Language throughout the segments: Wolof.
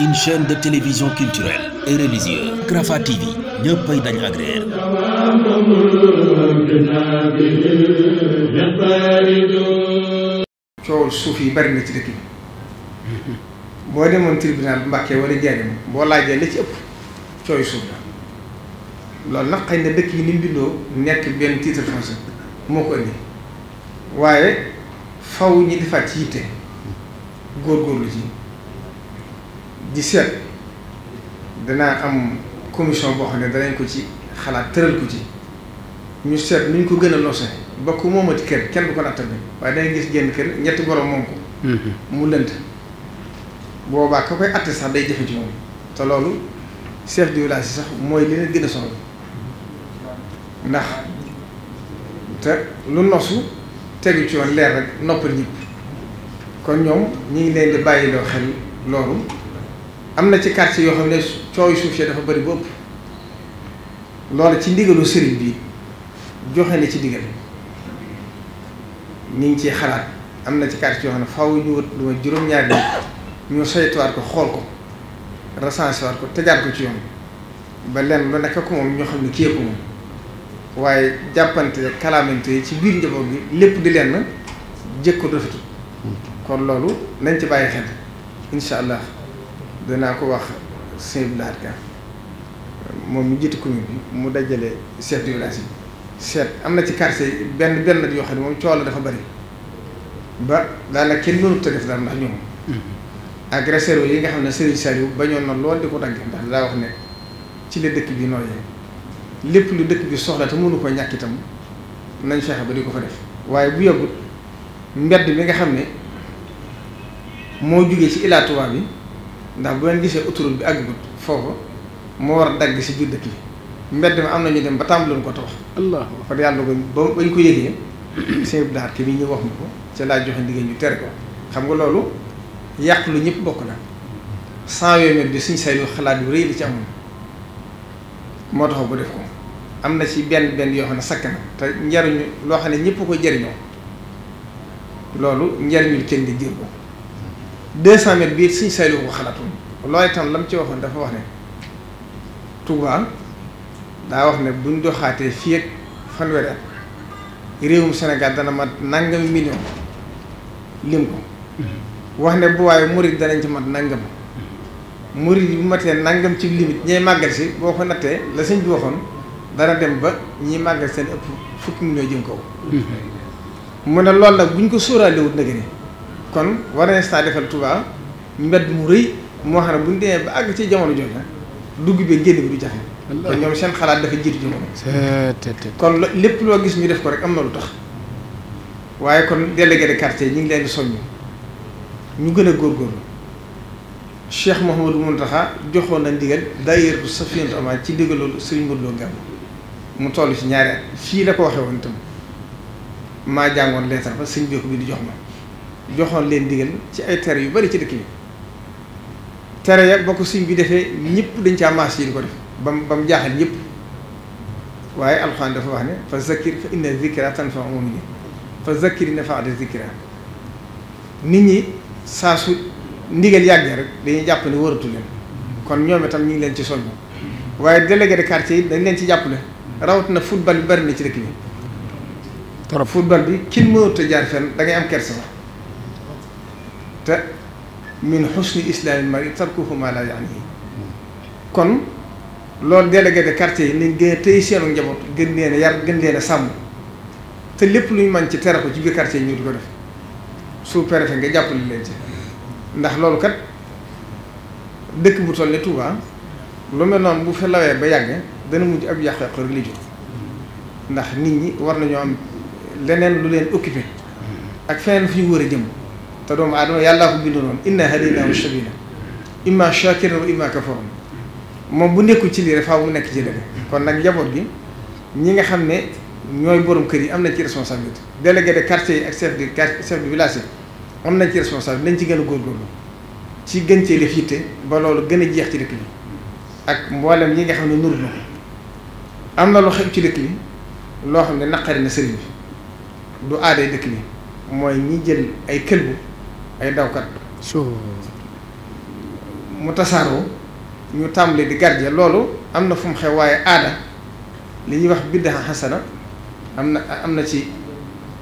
une de télévision culturelle et religieuse Rafah TV ñëppay suuf yi bari na ci dëkk bi boo demoon tribunal bu Mbàkke wala Njaaréem boo laajee la ci ëpp cooy suuf la loolu nag na dëkk yi ni mu nekk benn titre foncier moo ko indi waaye faw ñi defaat ci yitte góorgóorlu ci di seet danaa am commission boo xam ne danañ ko ci xalaat tëral ko ci ñu seet nu ñu ko gën a noose bokk moomati kër kenn du ko nattal bi waaye dangay gis génn kër ñetti borom moom ko mm-hmm. mu lënt boobaa ka koy atte sax day jafe ci moom te loolu chef du village sax mooy li leen gën a soxla ndax te lu nosu tegu ci woon leer rek noppal ñëpp kon ñoom ñu ngi leen bàyyi bàyyiloo xel loolu am na ci quartier yoo xam ne coow suuf si dafa bari ba ëpp loolu ci ndigalu sëriñ bi joxe na ci digal ñu ngi ciy xalaat am na ci quartier yoo xam ne faw ñu wut lu ma juróom-ñaar bi ñu saytuwaat ko xool ko recensé waat ko tegaat ko ci yoon ba lenn lu nekk ko moom ñoo xam ne kii ko moom waaye jàppante kalaamante ci biir njaboot gi lépp di leen jëkk ko rafetul kon loolu nañ ci bàyyi xel incha allah. danaa ko wax sëñ Blaat Ka moom mi jiite commune bi mu dajale chef de village yi seet am na ci quartier yi benn benn yoo xam ne moom coow la dafa bari ba daanaka kenn mënut te def dara ndax ñoom mm-hmm. agresseurs yi nga xam ne Serigne Saliou bañoon na lool di ko dagg ndax daa wax nekk ci la dëkk bi nooyee lépp lu dëkk bi soxla te mënu ko ñàkk itam nañ fexe ba di ko fa def waaye bu yàggut mbedd bi nga xam ne moo jugee ci Ila Touba bi ndax bu leen gisee autoroute bi àggut foofu moo war dagg si biir dëkk bi mbedd mi am na ñu dem ba tàmbaloon ko tabax. allah fa ko ba bañ ko yëgee. sëñ bi daal bi ñu wax ma ko ca laa joxe ndigal ñu tere xam nga loolu yàq lu ñëpp bokk na cent yooyu mètres bi say lu xalaat yu rëy la ci amoon moo tax bu def ko am na ci benn benn yoo xam ne sakk na te njariñu loo xam ne ñëpp ko jariñoo loolu njariñul kenn di jër ko deux cent mètres bii suñ saylu ko xalaatoon loolu itam la mu ci waxoon dafa wax ne Touba daa wax ne buñ doxaatee fii ak fanweeri at réewum Sénégal dana mat nangam million lim ko mm-hmm. wax ne bu waaye murid danañ ci mat nàngam murid mm-hmm. yi bu matee nangam ci limite ñay màggat si boo ko nattee la sëñ bi waxoon dana dem ba ñiy màggal seen ëpp fukki million jëm kaw mm-hmm. mu ne loolu nag buñ ko sóoraalewut nag ni kon war nañ saa defal Touba mbedd mu rëy moo xam ne bu ñu demee ba àgg ci jamono jooju dugg bi génn bi du jafe. kon ñoom seen xalaat dafa jiitu jamono. kon lépp loo gis ñu def ko rek am na lu tax waaye kon délégué de quartier ñu ngi leen di soññ ñu gën a góor góor góorgóorlu. Cheikh Mouhamadou Mountakha joxoon na ndigal d'ailleurs bu Safinatu Amaan ci ndigaloolu Serigne Modou Lo Gàmmu mu toll ci ñaari at fii la ko waxee woon itam maa jàngoon leetar ba sëñ bi bi di jox ma. joxoon leen digal ci ay tere yu bari ci dëkk bi tere ya bokk si bi defee ñëpp dañ ci maas yi di ko def ba mu ba jaaxal ñëpp waaye alxuraan dafa wax ne fa zakkir fa inna zikra tanfa'u mu'minin fa zakkir nafa'at nit ñi saa su ndigal yàggee rek dañuy jàpp ne waratu leen kon ñoom itam ñu ngi leen ci soññ waaye délégué de quartier yi dañ leen ci jàppale rawatina football bi bari na ci dëkk bi trop football bi kin mënut a jaar fenn da ngay am kersa te min xusni islaami mari tarkuhu ma la yaani kon loolu délégué de quartier yi nañ gën a téye seenu njaboot gën leen a yar gën leen a sàmm te lépp luñ mën ci tere ko ci biir quartier yi ñu di ko def sous préfet nga jàppale leen ci ndax loolu kat dëkk bu toll ne Touba lu mel bu fi lawee ba yàgg dana mujj ab yàq-yàq rek ndax nit ñi war nañoo am leneen lu leen occupé ak feneen fi ñu war a jëm. te doomu aadama yàllaa ko bindu noonu inna hadaynaahu sabiila imma shaakiran wa imma kafuuran moom bu nekkul ci lii rek mu nekk ci kon nag njaboot gi ñi nga xam ne ñooy borom kër yi am na ci responsabilité délégué de quartier yi ak chef de quartier chef de village yi am nañ ci responsabilité nañ ci gën a góorgóorlu ci gën cee def yitte ba loolu gën a jeex ci dëkk bi ak mboolem ñi nga xam ne nuru na ko am na lu xew ci dëkk bi loo xam ne naqari na sëriñ bi du dëkk bi mooy ñi jël ay këlbu ay dawkat mu tasaaroo ñu tàmbali di garje loolu am na fu mu xew waaye aada li ñuy wax biddaa xasana am na am na ci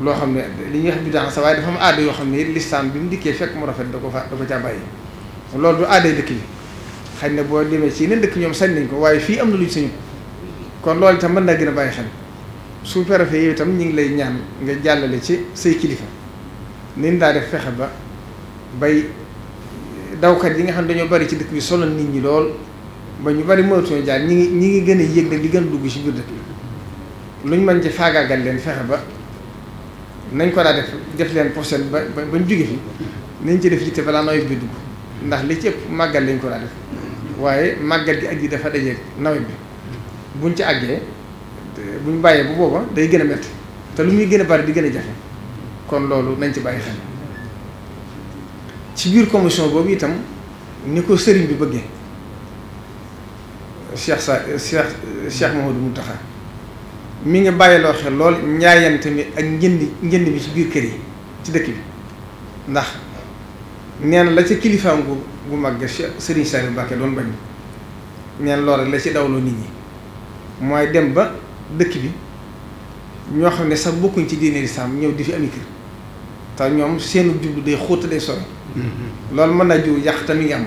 loo xam ne li ñu wax biddaa xasana waaye dafa am aada yoo xam ne lislaam bi mu dikkee fekk mu rafet da ko fa da ko caa bàyyi loolu du aaday dëkk yi xëy na boo demee ci yeneen dëkk ñoom sañ nañ ko waaye fii am na lu ñu sañu kon loolu itam mën naa gën a bàyyi xel sous-préfet yooyu itam ñu ngi lay ñaan nga jàllale ci say kilifa ni ñu daa def fexe ba. bay dawkat yi nga xam ne dañoo bari ci dëkk bi sonal nit ñi lool ba ñu bari mënatuñu jaar ñi ngi ñi ngi gën a yéeg nag di gën a dugg ci biir dëkk bi luñ mën ci faagaagal leen fexe ba nañ ko daa def def leen prochaine ba ba bañ jóge fi nañ ci def yitte balaa nawet bi dugg ndax li ci ëpp màggal lañ ko daa def waaye màggal gi ak yi dafa dajeeg nawet bi buñ ci àggee buñ bàyyee bu booba day gën a métti te lu muy gën a bari di gën a jafe kon loolu nañ ci bàyyi ci biir commission boobu itam ni ko sëriñ bi bëggee Cheikh sa Cheikh Cheikh mu Mountakha mi ngi bàyyiloo xel lool njaayante mi ak njënd njënd bi ci biir kër yi ci dëkk bi ndax neen na la ci kilifaam gu gu mag sëriñ Saliou Mbacké doon bañ neen loolu la ci dawloo nit ñi mooy dem ba dëkk bi ñoo xam ne sax bokkuñ ci diine lislaam ñëw di fi ami kër te ñoom seenu jublu day xóota day sori loolu mën naa jiw yàq te mi ngi am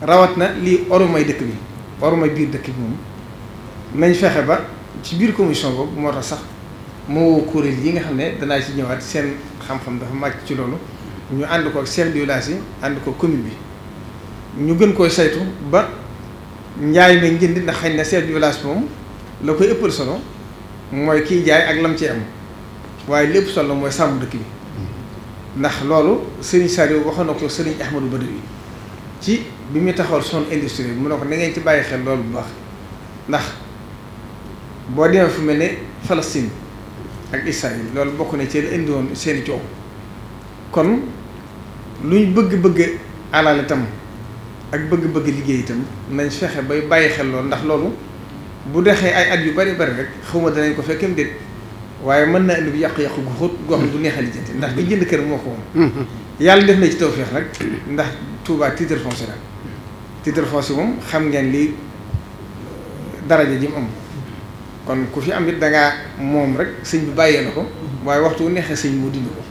rawat na lii orumay dëkk bi orumay biir dëkk bi moom nañ fexe ba ci biir commission boobu moo tax sax moo woo kuréel yi nga xam ne danaa ci ñëwaat seen xam-xam dafa màcc ci loolu ñu ànd ko ak chef de yi ànd ko commune bi ñu gën koy saytu ba njaay ma njëndi na xañ na chef de village moom la koy ëppal solo mooy kiy jaay ak lam ci am waaye lépp solo mooy sàmm dëkk bi ndax loolu Serigne Saliou waxoon na ko Serigne Ahmadou Badawi ci bi muy taxawul son industrie bi mu ne ko na ci bàyyi xel loolu bu baax ndax boo demee fu mel ne Palestine ak Israël loolu bokk na ci indi seeni seen coow kon luñ bëgg-bëgg alal itam ak bëgg-bëgg liggéey itam nañ fexe bay bàyyi xel loolu ndax loolu bu dexee ay at yu bari bari rek xawma danañ ko fekkem déet waaye mën na indi bu yàqu-yàqu gu xóot goo xam ne du neex a ndax ki jënd kër moo ko moom mm-hmm. yàlla def na ci tawfeex nag ndax Touba titre foncier la titre foncier moom xam ngeen li daraja ji mu am kon ku fi am it dangaa moom rek sëñ bi bàyyee na ko waaye waxtu neexee sëñ moo dindi ko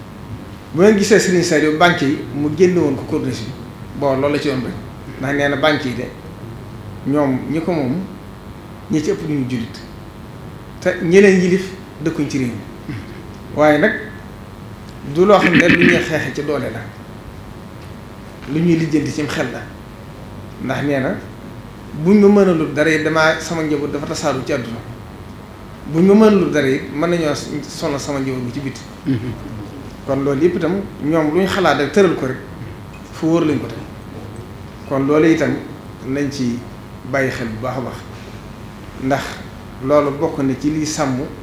bu ngeen gisee Serigne Saliou banque yi mu génne woon ko corniche bi bon loolu la ci yoon rek ndax nee na yi de ñoom ñi ko moom ñi ci ëpp duñu jullit te ñeneen yilif dëkkuñ ci réew mi waaye nag du loo xam ne lu ñuy xeex ci doole la lu ñuy lijjanti cim xel la ndax nee na buñ ma mënalul dara it damaa sama njaboot dafa tasaaru ci àdduna buñ ma mënalul dara it mën nañoo sonal sama njaboot bi ci biti mm-hmm. kon loolu yëpp itam ñoom lu ñu xalaat rek tëral ko rek fu wóor lañ ko tey kon loolu itam nañ ci bàyyi xel bu baax a baax ndax loolu bokk na ci liy sàmm